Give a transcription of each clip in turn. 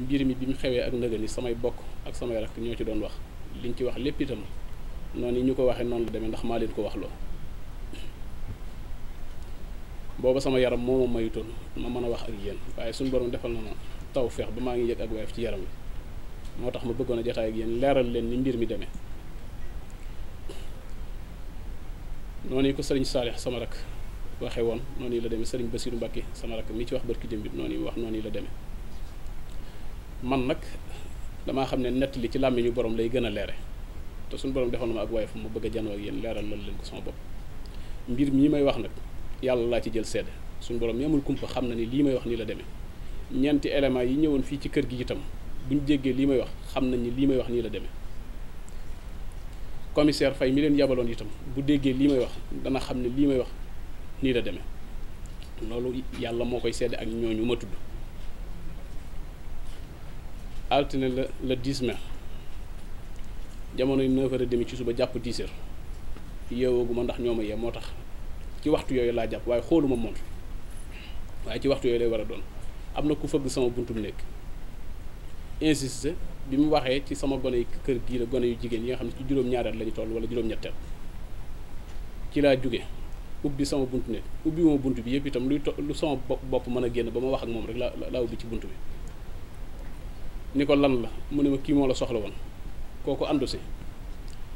mbir mi bi mu xewee ak nëgëni samay bokk ak samay rakk ñoo ci doon wax liñ ci wax lépp itam noonu yi ñu ko waxee noonu la demee ndax maa leen ko wax sama yaram moo ma ma mën a wax ak yéen waaye suñu borom defal na taw feex ba maa ak woyof ci yaram moo tax ma bëggoon a jotaay ak leeral leen ni mbir mi demee noonu yi ko sëriñ Saalix sama rakk waxee woon noonu yi la demee sëriñ Basiiru Mbàkke sama rakk mi ci wax barki démb bi noonu yi wax noonu yi la demee man nag damaa xam ne nett li ci làmmiñu borom lay gën a leere te suñu borom defoon na ma ak waaye fu ma bëgg a janoo ak leeral lan leen ko sama bopp mbir mii may wax nag yàlla laa ci jël sedd suñu borom mi amul kumpa xam na ni lii may wax nii la demee ñeenti éléments yi ñëwoon fii ci kër gi itam buñ jéggee lii may wax xam nañ ni lii may wax nii la demee commissaire Faye mi leen yabaloon itam bu déggee lii may wax dana xam ne lii may wax nii la demee loolu yàlla moo koy seede ak ñooñu ma tudd altine la la 10 mai jamono yu 9 h ci suba jàpp 10h ma ndax ñoo ma yee moo tax ci waxtu yooyu laa jàpp waaye xooluma moom waaye ci waxtu yooyu lay war a doon am na ku fëgg sama bu nekk insisté bi mu waxee ci sama gone yi kër giir la gone yu jigéen yi xam ne ci juróom-ñaareel lañu toll wala juróom-ñetteel ci laa jóge ubbi sama buntu nekk ubbi ma bunt bi yëpp itam luy to lu sama bopp mën a génn ba ma wax ak moom rek la laa ci bunt bi ni ko lan la mu ne ma kii moo la soxla woon kooku àndu si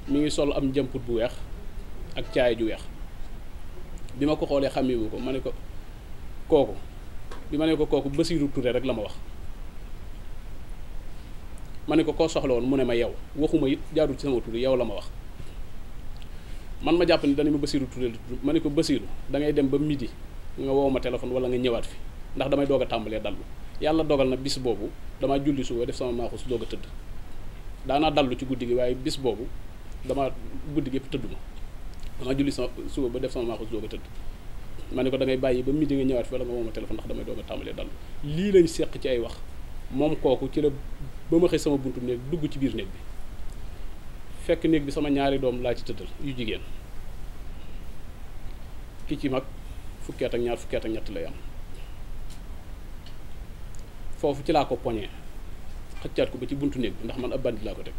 mi ngi sol am jëmput bu weex ak caay ju weex bi ma ko xoolee xàmmewu ko ma ne ko kooku bi ma ne ko kooku Basiiru Ture rek la ma wax ma ne ko koo soxla woon mu ne ma yow waxuma it jaarul ci sama tur yow la ma wax man ma jàpp ni danañ ma Basiiru Ture ma ne ko Basiiru da ngay dem ba midi nga woo ma téléphone wala nga ñëwaat fi ndax damay doog a tàmbalee dallu yàlla dogal na bis boobu damaa julli suba def sama maaxus doog a tëdd daanaa dallu ci guddi gi waaye bis boobu damaa guddi gi yëpp tëdd damaa julli sama suba ba def sama maaxus doog a tëdd ma ne ko da bàyyi ba midi nga ñëwaat fi wala nga woo ma téléphone ndax damay doog a tàmbalee dallu lii lañ seq ci ay wax moom kooku ci la ba ma xëy sama buntu néeg dugg ci biir néeg bi fekk néeg bi sama ñaari doom laa ci tëddal yu jigéen ki ci mag fukkeet ñaar fukkeet ak ñett am foofu ci laa ko poñe xëccaat ko ba ci buntu néeg bi ndax man ab bandi laa ko teg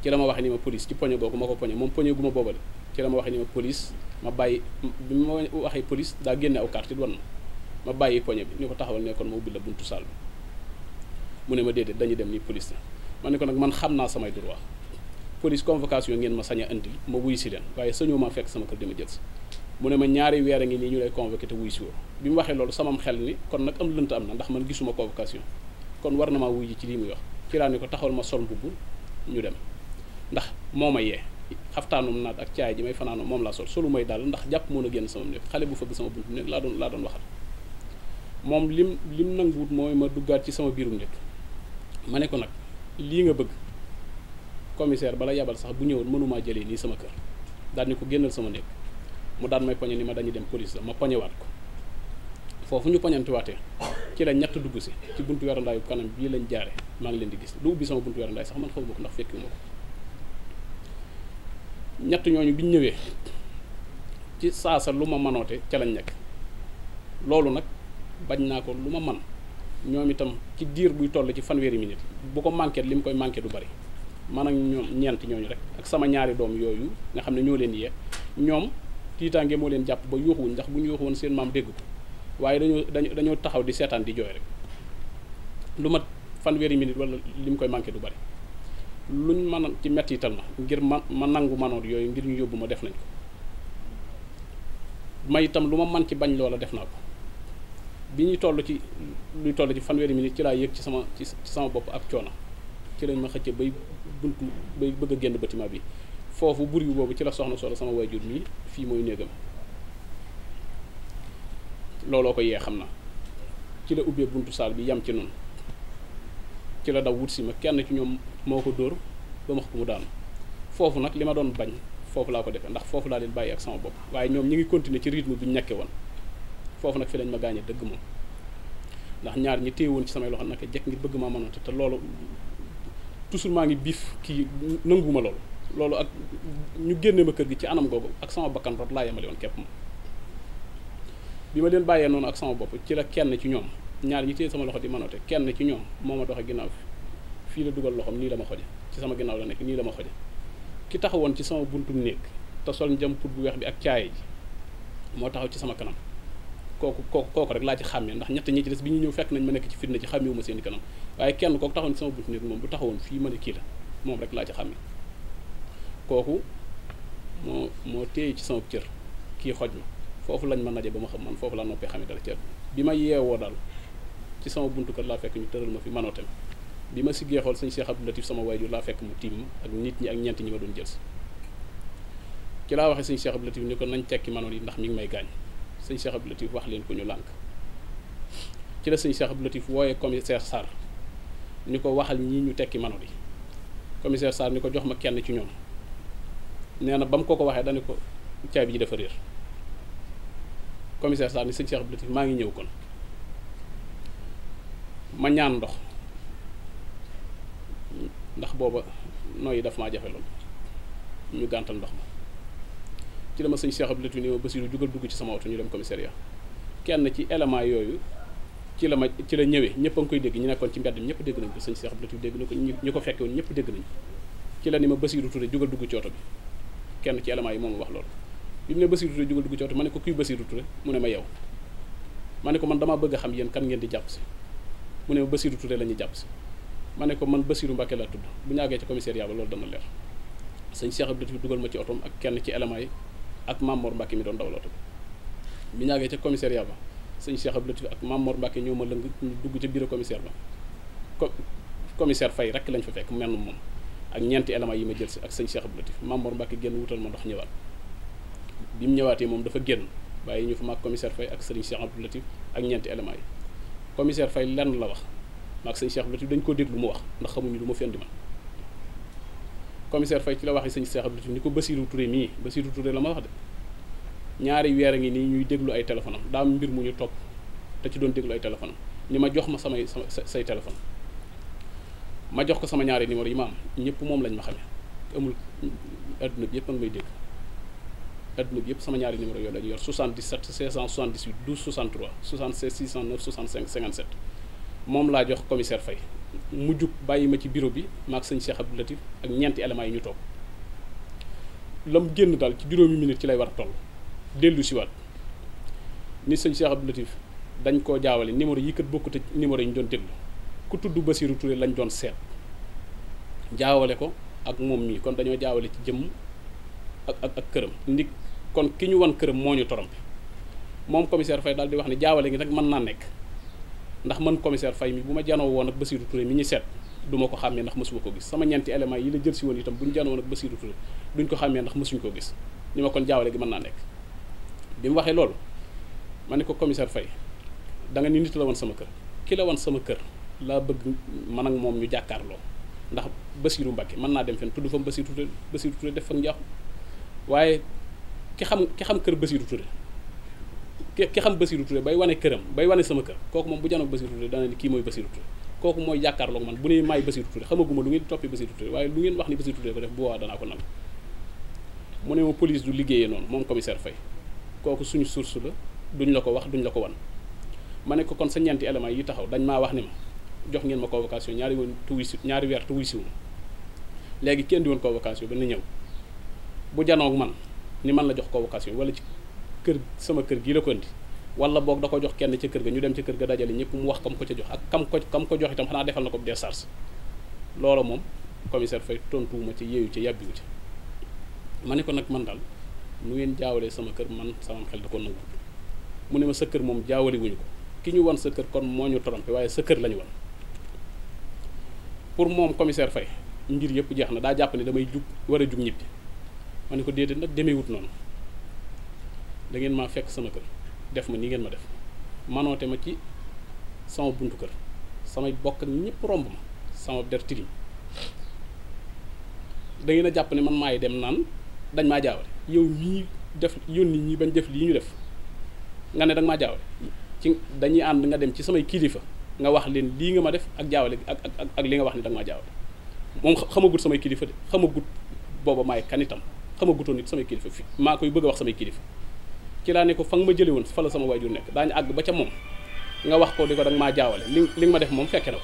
ci la ma wax ni ma police ci poñe googu ma ko poñe moom poñe gu ma boobale ci la ma waxee ni ma police ma bàyyi bi ma waxee police daa génne aw carte wan ma ma bàyyi poñe bi ni ko taxawal nekkoon ma ubbi la buntu saal bi mu ne ma déedéet dañuy dem nii police la ma ne ko nag man xam naa samay droit police convocation ngeen ma sañ a indil ma wuyu si leen waaye sañoo maa fekk sama kër dama jël si mu ne ma ñaari weer a ngi nii ñu lay convoqué te wuy si bi mu waxee loolu samam xel ni kon nag am lënt am na ndax man gisuma convocation kon war na ma wuy ji ci lii muy wax ci ko taxawal ma sol mbubb ñu dem ndax moo ma yee xaftaanum naat ak caay ji may fanaanoo moom laa sol solu may daal ndax jàpp moo na génn sama néeg xale bu fëgg sama buntu néeg laa doon laa doon waxal moom lim lim nanguwut mooy ma duggaat ci sama biirum néeg ma ne ko nag lii nga bëgg commissaire bala yabal sax bu ñëwoon mënumaa jëlee sama kër daal ni ko génnal sama néeg mu daan may poñe ni ma dañuy dem police la ma waat ko foofu ñu poñantiwaatee ci la ñett dugg si ci buntu werandaayu kanam bii lañ jaare maa ngi leen di gis lu ubbi sama buntu werandaay sax man xaw ma ko ndax fekki ma ko ñooñu biñ ñëwee ci saasa lu ma manoote ca la nekk loolu nag bañ naa ko lu ma man ñoom itam ci diir buy toll ci fanweeri minute bu ko manqué li mu koy manqué du bari man ak ñoom ñeent ñooñu rek ak sama ñaari doom yooyu nga xam ne ñoo leen yee ñoom tiitaange moo leen jàpp ba yuuxuwuñ ndax bu ñu yuuxuwoon seen maam dégg ko waaye dañoo dañoo dañoo taxaw di seetaan di jooy rek lu mat fanweeri minute wala li mu koy manqué du bari luñ mën ci mettital ma ngir ma ma nangu manoor yooyu ngir ñu yóbbu ma def nañ ko may itam lu ma man ci bañ loola def naa ko bi ñuy toll ci luy toll ci fanweeri minute ci laa yëg ci sama ci sama bopp ak coono ci lañ ma xëcce bay buntu bay bëgg a génn bâtiment bi foofu buriwu boobu ci la soxna solo sama waajur mi fii mooy néegam looloo ko yee xam na ci la ubbee buntu saal bi yam ci noonu ci la daw wut si ma kenn ci ñoom moo ko dóor ba max ko mu daanu foofu nag li ma doon bañ foofu laa ko defee ndax foofu laa leen bàyyi ak sama bopp waaye ñoom ñi ngi continuer ci rythme bi ñu nekkee woon foofu nag fi lañ ma gaañe dëgg moom ndax ñaar ñi téye woon ci samay loxo naka jekk ngi bëgg maa mënante te loolu toujours maa ngi biif kii nanguwuma loolu loolu ak ñu génnee ma kër gi ci anam googu ak sama bakkan rot laa yemale woon képp ma bi ma leen bàyyee noonu ak sama bopp ci la kenn ci ñoom ñaar ñi téye sama loxo di manote kenn ci ñoom moo ma doxe ginnaaw fi fii dugal loxoom nii la ma xoje ci sama ginnaaw la nekk nii la ma xoje ki taxawoon ci sama buntum néeg te sol njam put bu bi ak caaye ji moo taxaw ci sama kanam kooku kooku kooku rek laa ñu ñëw fekk nañ ma nekk seen i kanam waaye kenn kooku taxawoon ci sama buntum néeg moom bu taxawoon fii ma ne kii la moom rek laa ci xàmmee kooku moo moo téye ci sama cër kii xoj ma foofu lañ ma naje ba ma xam man foofu laa noppee xam xamee dara cër bi ma yeewoo daal ci sama buntu kër laa fekk ñu tëral ma fi manootam bi ma siggee xool sañ Cheikh Abdou Latif sama jur laa fekk mu tiim ma ak nit ñi ak ñeent ñi ma doon jël ci laa waxee sëñ Cheikh Abdou Latif ni ko nañ tekki manoon yi ndax mi ngi may gaañ sëñ Cheikh Abdou Latif wax leen ko ñu lànk ci la sëñ Cheikh Abdou Latif wooyee commissaire Sarr ni ko waxal ñii ñu tekki manoon yi commissaire Sarr ni ko jox ma kenn ci ñoom nee na ba mu ko ko waxee dana ko bi ji dafa réer commissaire sax ni sëñ Cheikh Abdou Latif maa ngi ñëw kon ma ñaan ndox ndax booba nooyi daf maa jafe lool ñu gàntal ndox ma ci dama sëñ Cheikh Abdou ni ma Basiru jugal dugg ci sama oto ñu dem commissariat kenn ci élément yooyu ci la ma ci la ñëwee ñëpp a ngi koy dégg ñu nekkoon ci mbedd mi ñëpp dégg nañ ko sëñ Cheikh Abdou dégg na ko ñu ko fekke woon ñëpp dégg nañ ci la ni ma Basiru Touré jugal dugg ci oto bi kenn ci éléments yi moom wax loolu bi mu ne Bassirou Touré jógal dugg ci oto ma ne ko kuy Bassirou Touré mu ne ma yow ma ne ko man damaa bëgg xam yéen kan ngeen di jàpp si mu ne ma Bassirou Touré la ñuy jàpp si ma ne ko man Bassirou Mbacke laa tudd bu ñu ci commissariat ba loolu dana leer sëñ Cheikh Abdou dugal ma ci otoom ak kenn ci éléments yi ak Mamor Mbacke mi doon dawal oto bi ñu àggee ca commissariat ba sëñ Cheikh Abdou ak Mamor Mbacke ñoo ma lëng ñu dugg ca bureau commissaire ba commissaire fay rek lañ fa fekk mel moom ak ñeenti éléments yi ma jël si ak sëñ Cheikh Abdou Latif Mamor Mbacke génn wutal ma ndox ñëwaat bi mu ñëwaatee moom dafa génn bàyyi ñu fa maag commissaire Faye ak sëriñ Cheikh Abdou Latif ak ñeenti éléments yi commissaire la wax maag sëñ Cheikh Abdou Latif dañ ko déglu mu wax ndax xamuñu lu ma fendi ma commissaire ci la waxee sëñ Cheikh Abdou Latif ni ko Basirou Touré mii Basirou ture la ma wax de ñaari weer a ngi nii ñuy déglu ay téléphone am daa mbir mu ñu topp te ci doon déglu ay téléphone ni ma jox ma samay say téléphone ma jox ko sama ñaari numéro yi ma am ñëpp moom lañ ma xamee amul adduna bi yëpp a ngi may dégg adduna bi yëpp sama ñaari numéro yooyu la ñu yor 77 678 12 63 76 609 65 57 moom laa jox commissaire Faye mu jug bàyyi ma ci bureau bi maag sëñ Cheikh Abdou Latif ak ñeenti éléments yi ñu toog lam génn daal ci juróomi minute ci lay war a toll dellu siwaat ni sëñ Cheikh Abdou Latif dañ koo jaawale numéro yi kat bokkut ak numéro yi ñu doon déglu. ku tudd Bassirou Touré lañ doon seet jaawale ko ak moom mii kon dañoo jaawale ci jëmm ak ak këram ndi kon ki ñu wan këram moo ñu torompe moom commissaire Faye dal di wax ne jaawale ngi nag mën naa nekk ndax mën commissaire fay mi bu ma janoo woon ak Bassirou Touré mi ñu seet du ma ko ne ndax mësuma ko gis sama ñeenti éléments yi la jël si itam bu ñu janoo woon ak Bassirou Touré duñ ko xàmmee ndax mësuñ ko gis ni ma kon jaawale gi mën naa nekk bi mu waxee loolu ma ne ko commissaire fay da nga ni nit la woon sama kër ki la woon sama kër laa bëgg man ak moom ñu jàkkaarloo ndax Basiiru Mbàkke mën naa dem fen tudd fa Basiiru Ture Basiiru Ture def fa njaaxu waaye ki xam ki xam kër Basiiru Ture ki xam Basiiru Ture bay wane këram bay wane sama kër kooku moom bu janoog Basiiru Ture dana ni kii mooy Basiiru Ture kooku mooy jàkkaarloog man bu ne maay Basiiru Ture xamaguma lu ngeen toppi Basiiru Ture waaye lu ngeen wax ni Basiiru Ture ko def bu waa danaa ko nangu mu ne ma police du liggéeyee noonu moom commissaire fay kooku suñu source la duñ la ko wax duñ la ko wan ma ne ko kon sa ñeenti yi taxaw dañ maa wax ni ma jox ngeen ma convocation ñaari woon tuuy si ñaari weer tuuy si woon léegi kenn di woon convocation ba na ñëw bu janoog man ni man la jox convocation wala ci kër sama kër gii la ko indi wala boog da ko jox kenn ca kër ga ñu dem ca kër ga dajale ñëpp mu wax kam ko ca jox ak kam ko kam ko jox itam xanaa defal na ko décharge loolu moom commissaire Faye tontuwuma ci yeeyu ci yàbbiwu ci ma ne ko nag man daal mu ngeen jaawalee sama kër man sama xel da ko nangu mu ne ma sa kër moom jaawale wuñu ko ñu wan sa kër kon moo ñu trompé waaye sa kër la ñu wan pour moom commissaire fay mbir yëpp jeex na daa jàpp ne damay jug war a jug ñibbi ma ne ko déedéet nag demeewut noonu dangeen ngeen maa fekk sama kër def ma ni ngeen ma def manoote ma ci sama buntu kër samay bokk ñëpp romb ma sama der tilim dangeen a jàpp ne man maay dem naan dañ maa jaawale yow mii def yónni ñi bañ def lii ñu def nga ne danga maa jaawale ci dañuy ànd nga dem ci samay kilifa. nga wax leen lii nga ma def ak jaawale ak ak ak li nga wax ne da nga maa jaawale moom xamagut samay kilifa de xamagut booba maay kan itam xamagutoon nit samay kilifa fi maa koy bëgg a wax samay kilifa ci laa ne ko fa nga ma jëlee woon fa la sama waajur nekk daañu àgg ba ca moom nga wax ko di ko maa jaawale li li nga ma def moom fekke na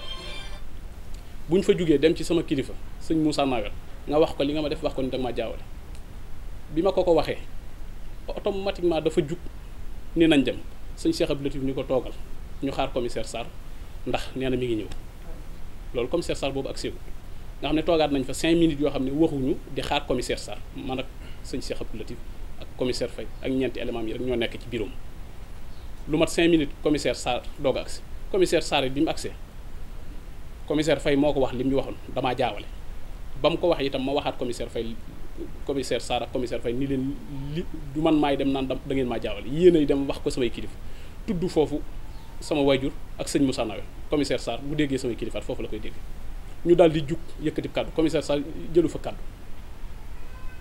ko fa jugee dem ci sama kilifa sëñ Moussa Nawel nga wax ko li nga ma def wax ko da maa jaawale bi ma ko ko waxee automatiquement dafa jug ni nañ dem sëñ Cheikh Abdou Latif ñu ko toogal ñu xaar commissaire Sarr ndax nee na mi ngi ñëw loolu commissaire Sarr boobu ak ségu nga xam ne toogaat nañ fa cinq minutes yoo xam ne waxuñu di xaar commissaire Sarr man ak sëñ Cheikh Abdou Latif ak commissaire fay ak ñeenti élément yi rek ñoo nekk ci biiroom lu mat cinq minutes commissaire Sarr doog a agsi commissaire Sarr it bi mu agsee commissaire Faye moo ko wax li mu waxoon damaa jaawale ba mu ko wax itam ma waxaat commissaire fay commissaire Sarr ak commissaire Faye leen li man maay dem naan da ngeen maa jaawale yéen ay dem wax ko samay kilifa foofu sama waajur ak sëñ Moussa Nawe commissaire Sarr bu déggee samay kilifaat foofu la koy dégg ñu daal di jug yëkkati kàddu commissaire Sarr jëlu fa kàddu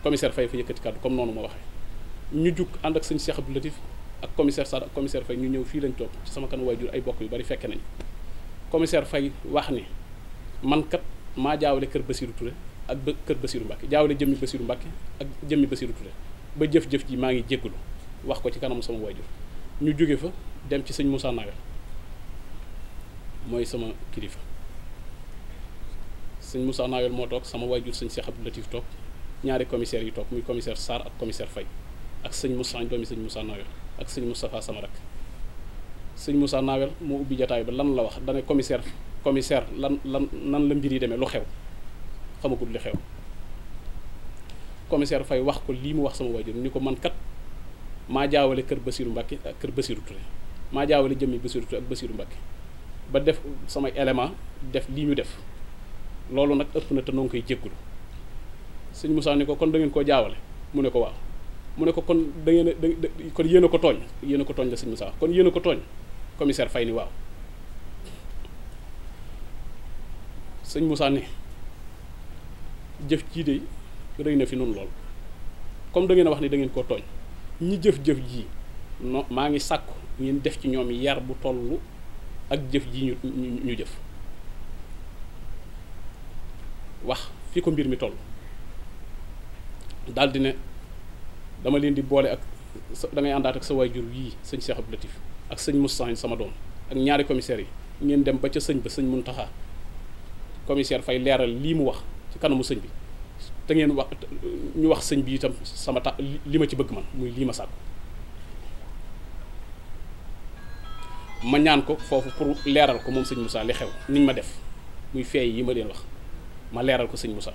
commissaire fay fa yëkkati kàddu comme noonu ma waxee ñu jug ànd ak sëñ Cheikh Abdou Latif ak commissaire Sarr ak commissaire ñu ñëw fii lañ toog ci sama kan waajur ay bokk yu bari fekke nañ commissaire fay wax ni man maa jaawale kër Basirou Touré ak ba kër Basirou Mbacke jaawale jëmmi Basirou Mbacke ak jëmmi Basirou Touré ba jëf-jëf ji maa ngi jéggalu wax ko ci kanamu sama waajur ñu jóge fa dem ci sëñ Moussa Nawel mooy sama kilifa sëñ Moussa Nawel moo toog sama waajur sëñ Cheikh Abdou Latif toog ñaari commissaires yi toog muy commissaire Sarr ak commissaire fay ak sëñ Moussa doomi sëñ Moussa Nawel ak sëñ Moustapha sama rak sëñ Moussa Nawel moo ubbi jataay ba lan la wax dane commissaire commissaire lan lan nan la mbir yi demee lu xew xamagul li xew commissaire Faye wax ko lii mu wax sama waajur ni ko man kat maa jaawale kër Basiru Mbacke ak kër Basiru Touré maa jaawale jëmmi Basiru Touré ak Basiru Mbacke ba def samay élément def lii ñu def loolu nag ëpp na te noo ngi koy jéggulu sëñ Moussa ko kon dangeen koo jaawale mu ne ko waaw mu ne ko kon da ngeen da kon yéen a ko tooñ yéen a ko tooñ la sëñ Moussa kon yéen ko tooñ commissaire Faye ni waaw sëñ Moussa ne jëf jii de rëy na fi noonu lool comme da ngeen a wax ni da ngeen koo tooñ ñi jëf-jëf jii no maa ngi sàkku ngeen def ci ñoom yar bu toll ak jëf ji ñu ñu jëf wax fii ko mbir mi toll daldi ne dama leen di boole ak sa da ngay ak sa waajur yii sëñ Cheikh Abdou Latif ak sëñ Moussa sama doom ak ñaari commissaires yi ngeen dem ba ca sëñ ba sëñ taxa commissaire fay leeral lii mu wax ci kanamu sëñ bi te ngeen wax ñu wax sëñ bi itam sama ta li ma ci bëgg man muy lii ma sàkku ma ñaan ko foofu pour leeral ko moom sëñ Moussa li xew niñ ma def muy feey yi ma leen wax ma leeral ko sëñ Moussa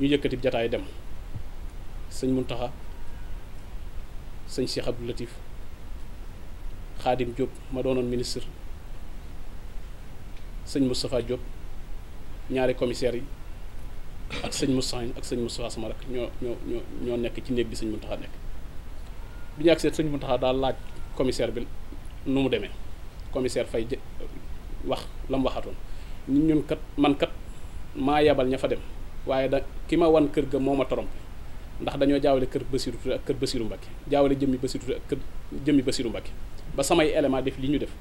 ñu yëkkati jataay dem sëñ taxa sëñ Cheikh Abdou Latif Xaadim Diop ma doonoon ministre sëñ Moustapha Diop ñaari commissaires yi ak sëñ Moussa ak mu sëñ Moussa sama rek ñoo ñoo ñoo ñoo nekk ci néeg bi sëñ Mountakha nekk bi ñu agsee sëñ Mountakha daal laaj commissaire bi nu mu demee commissaire Faye wax la mu waxatoon ñun kat man kat maa yabal ña dem waaye da ki ma wan kër ga moo ma trompé ndax dañoo jaawale kër Bassirou Touré ak kër Bassirou Mbacké jaawale jëmmi Bassirou Touré ak kër jëmmi Bassirou Mbacké ba samay élément def li ñu def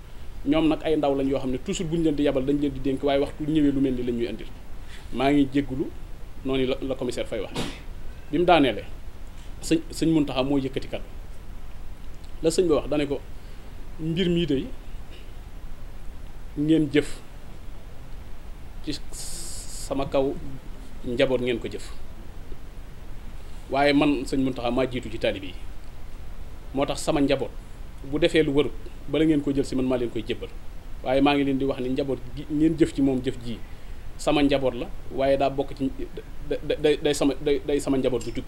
ñoom nag ay ndaw lañ yoo xam ne toujours bu ñu leen di yabal dañ leen di dénk waaye waxtu ñëwee lu mel ni la ñuy indil maa ngi jéggulu noonu la la commissaire Faye wax bi mu daaneele sëñ sëñ Muntaxa moo yëkkati kaddu la sëñ bi wax dane ko mbir mii de ngeen jëf ci sama kaw njaboot ngeen ko jëf waaye man sëñ Muntaxa maa jiitu ci taalibe yi moo tax sama njaboot bu defee lu warut bala ngeen ko jël si man maa leen koy jébbal waaye maa ngi leen di wax ni njaboot gi ngeen jëf ci moom jëf jii sama njaboot la waaye daa bokk ci day day sama njaboot bu jub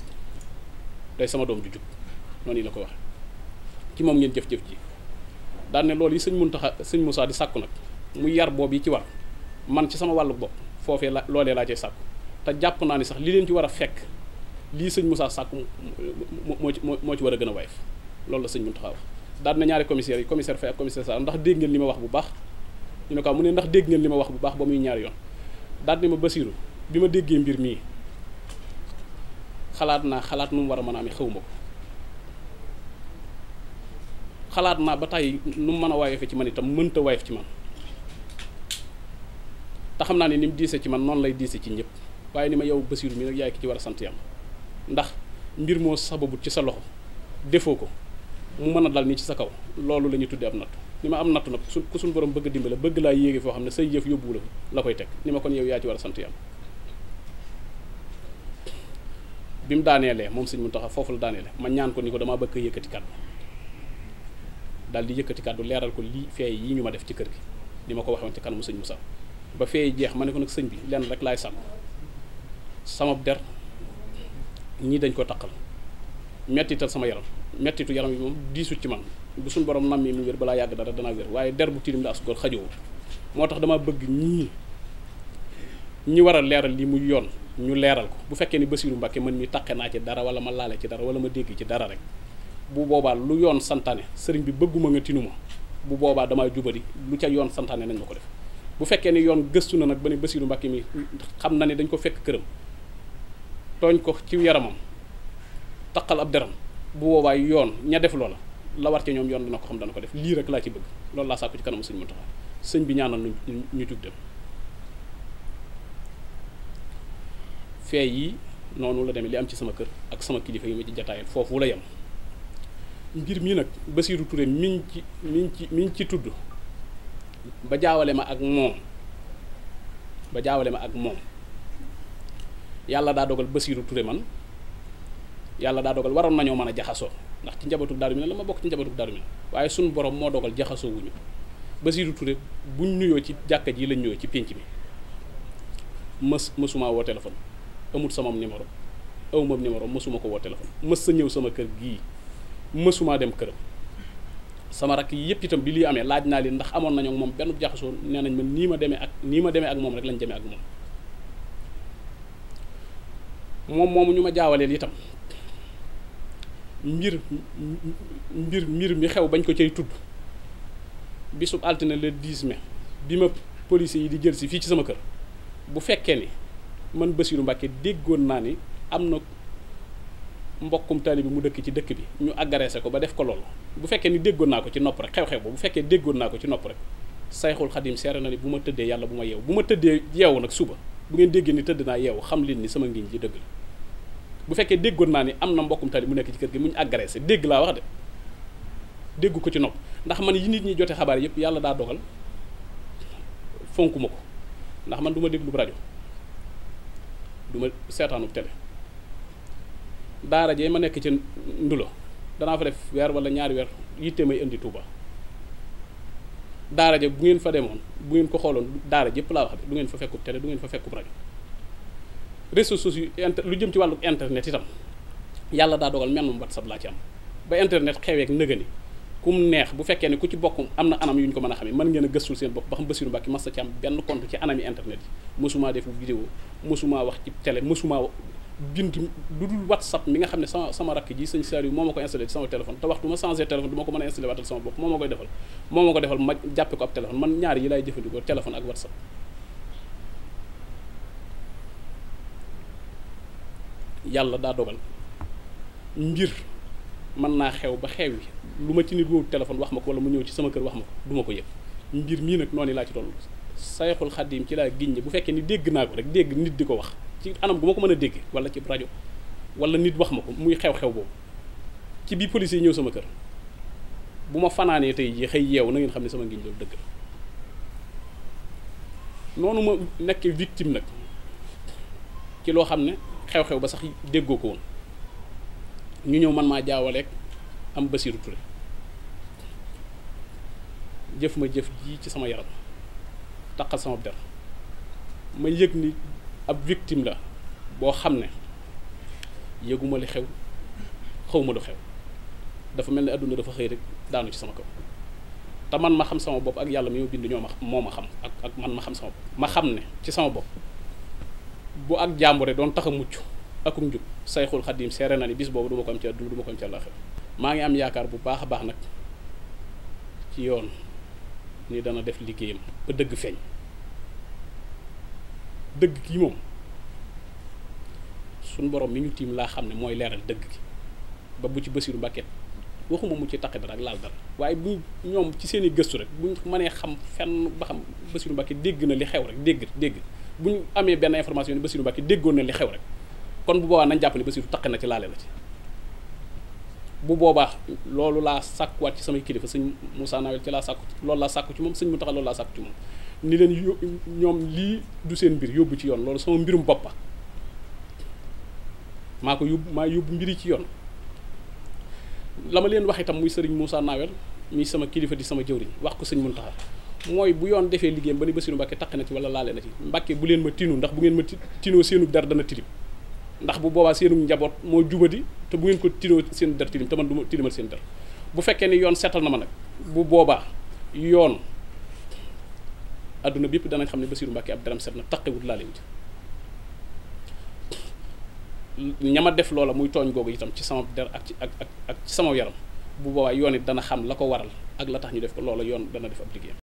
day sama doom ju jub noonu la ko wax ci moom ngeen jëf-jëf ji daan lool loolu yi sëñ Muntaxa sëñ musaa di sàkku nag mu yar boobu yi ci war man ci sama wàllu bopp foofee la loolee laa cay sàkku te jàpp naa ni sax li leen ci war a fekk lii sëñ Moussa sàkku moo ci moo ci war a gën a wayef loolu la sëñ a wax daan na ñaari commissaire yi commissaire Faye ak commissaire Sarr ndax dégg ngeen li ma wax bu baax ñu ne ko mu ne li ma wax bu baax ba muy ñaari yoon daal ma basiiru bi ma déggee mbir mii xalaat naa xalaat nu mu war a mën a amee xaw ma ko xalaat naa ba tey nu mu mën a waayefe ci man itam mënta waayef ci man te naa ne ni mu diise ci man noonu lay diise ci ñëpp waaye ni ma yow basiiru mi nag yaay ki ci war a sant yam ndax mbir moo sababut ci sa loxo defoo ko mu mën a dal nii ci sa kaw loolu lañu tudde ab nattu ni ma am nattu nag su ku suñu borom bëgg dimbale bëgg laa yéegi foo xam ne say jëf yóbbuwu la la koy teg ni ma kon yow yaa ci war a sant yàlla bi mu daaneelee moom foofu la daaneele ma ñaan ko ni ko damaa bëgg a yëkkati kàddu daal di yëkkati kàddu leeral ko li fee yi ñu ma def ci kër gi ni ma ko waxoon ci kanamu sëñ sax ba fee jeex ma ne ko nag sëñ bi lenn rek laay sàmm sama der ñii dañ ko taqal mettital sama yaram mettitu yaram bi moom diisut ci man bu suñu borom nam mi mu wér balaa yàgg dara dana wér waaye der bu tilim la as góor moo tax damaa bëgg ñii ñi war a leeral li muy yoon ñu leeral ko bu fekkee ni Basiru Mbàkke man mi taqe naa ci dara wala laale ci dara wala ci dara rek bu boobaa lu yoon santaane sëriñ bi bëgguma nga bu boobaa damaa jubali lu ca yoon santaane nañ ko def bu fekkee ni yoon gëstu nag ba ne Basiru Mbàkke mi xam na ne dañ ko fekk këram tooñ ko ci yaramam taqal ab deram bu boobaa yoon ña def loola la war ci ñoom yoon dina ko xam dana ko def lii rek laa ci bëgg loolu laa sàkku ci kanamu sëñ Muntaxa sëñ bi ñaanal ñu ñu jug dem fee yi noonu la deme li am ci sama kër ak sama kilifa yi ma ci jataayal foofu la yem mbir mii nag Basiiru Ture miñ ci miñ ci miñ ci tudd ba jaawale ma ak moom ba jaawale ma ak moom yàlla daa dogal Basiiru Ture man yàlla daa dogal waroon nañoo mën a jaxasoo ndax ci njabootug mi Minam la ma bokk ci njabootug Daaru Minam waaye suñu borom moo dogal jaxasoo wuñu Basiiru Ture buñ nuyoo ci jàkka ji lañ nuyoo ci pénc mi mës mësuma woo téléphone amut sama numéro aw ma mësuma ko woo téléphone mës sa ñëw sama kër gii mësumaa dem këram sama rakk yi yëpp itam bi lii amee laaj naa leen ndax amoon nañu moom benn jaxasoo nee nañ ma nii ma demee ak nii ma demee ak moom rek lañ demee ak moom moom moomu ñu ma jaawaleel itam mbir mbir mbir mi xew bañ ko cay tudd bisu altine le 10 mai bi ma policiers yi di jël si fii ci sama kër bu fekkee ni man Bassirou Mbacké déggoon naa ni am na mbokkum taalibe bi mu dëkk ci dëkk bi ñu agressé ko ba def ko loolu bu fekkee ni déggoon naa ko ci nopp rek xew-xew ba bu fekkee déggoon naa ko ci nopp rek sayxul xadim seere na ni bu ma tëddee yàlla bu ma yeewu bu ma tëddee yeewu nag suba bu ngeen déggee ni tëdd naa yeewu xam leen ni sama ngiñ ji dëgg bu fekkee déggoon naa ni am na mbokkum tali mu nekk ci kër gi mu ñu agressé dégg laa wax de dégg ko ci nopp ndax man yi nit ñi jote xabaar yëpp yàlla daa dogal fonkuma ko ndax man du ma déglu rajo duma ma seetaanu télé daara jee ma nekk ci ndulo danaa fa def weer wala ñaari weer yitte may indi Touba daara je bu ngeen fa demoon bu ngeen ko xooloon daara jëpp laa wax de du ngeen fa fekkub télé du ngeen fa fekkub rajo réseaux sociaux lu jëm ci wàllu internet itam yàlla daa dogal mel moom whatsapp laa ci am ba internet xeweek nëgëni ku mu neex bu fekkee ne ku ci bokk am na anam yu ñu ko mën a xamee mën ngeen a gëstul seen bopp ba xam Bassirou Mbacké mas ci am benn compte ci anami internet yi mosuma def vidéo mosuma wax ci télé mosuma bind lu dul whatsapp mi nga xam ne sama rakk ji sëñ Saliou moo ma ko installé ci sama téléphone te waxtu ma changé téléphone du a installé waatal sama bopp ñaar yi laay jëfandikoo téléphone ak yàlla daa dogal mbir mën naa xew ba xew yi lu ma ci nit woowu téléphone wax ma ko wala mu ñëw ci sama kër wax ma ko duma ko yëg mbir mii nag noonu laa ci toll sayxul xaddiim ci laa giñ bu fekkee ni dégg naa ko rek dégg nit di ko wax ci anam gu ma ko mën a dégg wala ci rajo wala nit wax ma ko muy xew-xew boobu ci biir police ñëw sama kër bu ma fanaanee tey jii xëy yeewu na xam ne sama ngiñ loolu dëgg la noonu ma nekk victime nag ci loo xam ne xew-xew ba sax déggoo ko woon ñu ñëw man maa jaawaleeg am Basiru Ture jëf ma jëf jii ci sama yaram taqal sama der ma yëg ni ab victime la boo xam ne yëguma li xew ma lu xew dafa mel ni àdduna dafa xëy rek daanu ci sama kaw te man ma xam sama bopp ak yàlla mi ma bind ñoo ma moo ma xam ak ak man ma xam sama bopp ma xam ne ci sama bopp bu ak jàmbure doon tax a mucc akum njub sayxul xadim seere na ni bis boobu du ma ko am ci àdduna du ma ko am ci àllaaxira maa ngi am yaakaar bu baax a baax nag ci yoon ni dana def liggéeyam ba dëgg feeñ dëgg gi moom suñ borom mi ñu tiim laa xam ne mooy leeral dëgg gi ba bu ci Basiru Mbàkke waxuma mu ci taqe dara ak laal dara waaye bu ñoom ci seen i gëstu rek buñ mënee xam fenn ba xam Basiru Mbàkke dégg na li xew rek dégg dégg bu ñu amee benn information ni Bassirou Mbacké déggoon na li xew rek kon bu boobaa nañ jàppale ne Bassirou taqe na ci laale la ci bu boobaa loolu laa sàkkuwaat ci samay kilifa sëñ Moussa Nawel ci laa sàkku loolu laa sàkku ci moom sëñ mu taxa laa sàkku ci ni leen yó ñoom lii du seen mbir yóbbu ci yoon loolu sama mbirum boppa maa ko yóbbu maa yóbbu mbiri ci yoon la ma leen wax itam muy sëriñ Moussa Nawel muy sama kilifa di sama jëwriñ wax ko sëñ Muntaxa mooy bu yoon defee liggéeyam ba ni Bassirou Mbacke taq na ci wala laale na ci Mbacke bu leen ma tinu ndax bu ngeen ma tinoo seenub dar dana tilim ndax bu boobaa seenu njaboot moo jubadi te bu ngeen ko tinoo seen dar tilim te man du ma tilimal seen dar bu fekkee ne yoon setal na ma nag bu boobaa yoon adduna bépp danañ xam ne Bassirou Mbacke ab daram set na taqewut laale wu ci ñama def loola muy tooñ googu itam ci sama der ak ci ak ak ak ci sama yaram bu boobaa yoon it dana xam la ko waral ak la tax ñu def ko loola yoon dana def ab liggéeyam